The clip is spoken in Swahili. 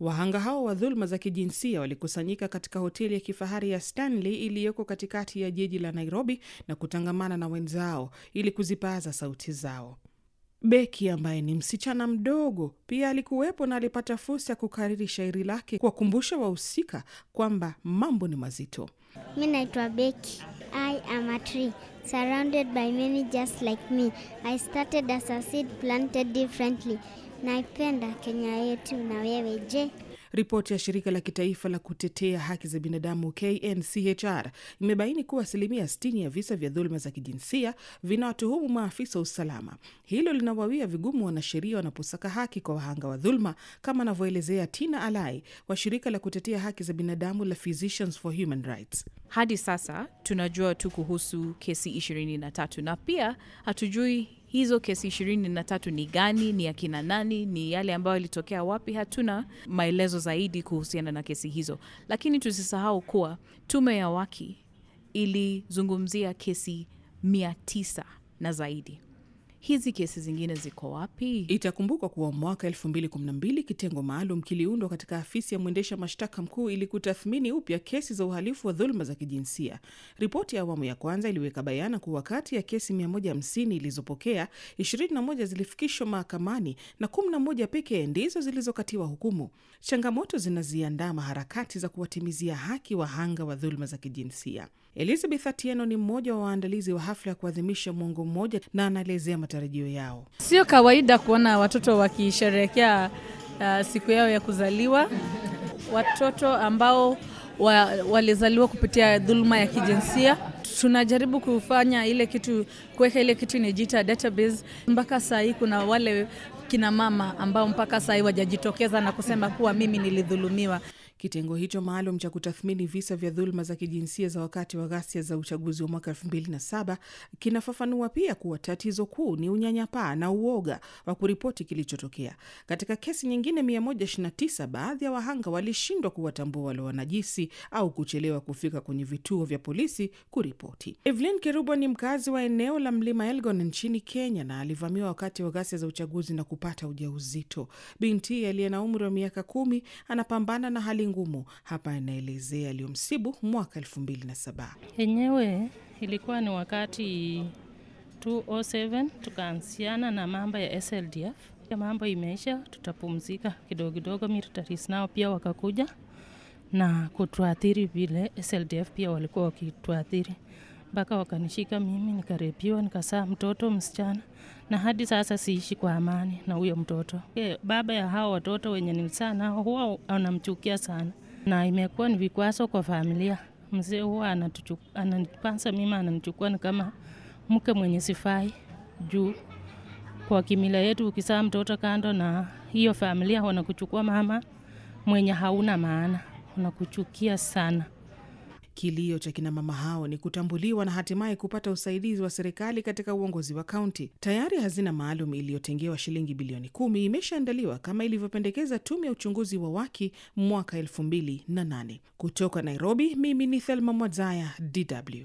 Wahanga hao wa dhuluma za kijinsia walikusanyika katika hoteli ya kifahari ya Stanley iliyoko katikati ya jiji la Nairobi na kutangamana na wenzao ili kuzipaza sauti zao. Beki ambaye ni msichana mdogo pia alikuwepo na alipata fursa ya kukariri shairi lake kuwakumbusha wahusika kwamba mambo ni mazito. Mi naitwa Beki. I am a tree surrounded by many just like me. I started as a seed planted differently Naipenda Kenya yetu na wewe je? Ripoti ya shirika la kitaifa la kutetea haki za binadamu KNCHR imebaini kuwa asilimia 60 ya visa vya dhuluma za kijinsia vinawatuhumu maafisa wa usalama. Hilo linawawia vigumu wanasheria wanaposaka haki kwa wahanga wa dhuluma, kama anavyoelezea Tina Alai wa shirika la kutetea haki za binadamu la Physicians for Human Rights. Hadi sasa tunajua tu kuhusu kesi 23 na pia hatujui hizo kesi ishirini na tatu ni gani, ni akina nani, ni yale ambayo yalitokea wapi? Hatuna maelezo zaidi kuhusiana na kesi hizo, lakini tusisahau kuwa tume ya Waki ilizungumzia kesi mia tisa na zaidi. Hizi kesi zingine ziko wapi? Itakumbukwa kuwa mwaka 2012 kitengo maalum kiliundwa katika afisi ya mwendesha mashtaka mkuu ili kutathmini upya kesi za uhalifu wa dhuluma za kijinsia. Ripoti ya awamu ya kwanza iliweka bayana kuwa kati ya kesi 150 ilizopokea, 21 zilifikishwa mahakamani na 11 pekee ndizo zilizokatiwa hukumu. Changamoto zinaziandama harakati za kuwatimizia haki wahanga wa dhuluma za kijinsia. Elizabeth Atieno ni mmoja wa waandalizi wa hafla ya kuadhimisha mwongo mmoja na anaelezea matarajio yao. Sio kawaida kuona watoto wakisherehekea uh, siku yao ya kuzaliwa, watoto ambao wa, walizaliwa kupitia dhuluma ya kijinsia. Tunajaribu kufanya ile kitu, kuweka ile kitu inajiita database. Mpaka saa hii kuna wale kina mama ambao mpaka saa hii wajajitokeza na kusema kuwa mimi nilidhulumiwa. Kitengo hicho maalum cha kutathmini visa vya dhuluma za kijinsia za wakati wa ghasia za uchaguzi wa mwaka 2007 kinafafanua pia kuwa tatizo kuu ni unyanyapaa na uoga wa kuripoti kilichotokea. Katika kesi nyingine 129, baadhi ya wahanga walishindwa kuwatambua wale wanajisi au kuchelewa kufika kwenye vituo vya polisi kuripoti. Evelyn Kerubo ni mkazi wa eneo la Mlima Elgon nchini Kenya na alivamiwa wakati wa ghasia za uchaguzi na kupata ujauzito. Binti aliye na umri wa miaka kumi anapambana na hali ngumu. Hapa anaelezea aliyomsibu mwaka elfu mbili na saba. Yenyewe ilikuwa ni wakati 207 tukaansiana na mambo ya SLDF, mambo imeisha, tutapumzika kidogo kidogo. Militaries nao pia wakakuja na kutuathiri vile SLDF pia walikuwa wakituathiri mpaka wakanishika mimi, nikarepiwa, nikasaa mtoto msichana, na hadi sasa siishi kwa amani na huyo mtoto. e, baba ya hao watoto wenye nilizaa nao huwa anamchukia sana, na imekuwa ni vikwazo kwa familia. Mzee huwa ananipansa mimi, ananichukua ni kama mke mwenye sifai juu kwa kimila yetu, ukisaa mtoto kando na hiyo familia, wanakuchukua mama mwenye hauna maana, unakuchukia sana. Kilio cha kinamama hao ni kutambuliwa na hatimaye kupata usaidizi wa serikali katika uongozi wa kaunti. Tayari hazina maalum iliyotengewa shilingi bilioni kumi imeshaandaliwa kama ilivyopendekeza tume ya uchunguzi wa waki mwaka elfu mbili na nane. Kutoka Nairobi, mimi ni Thelma Mwadzaya, DW.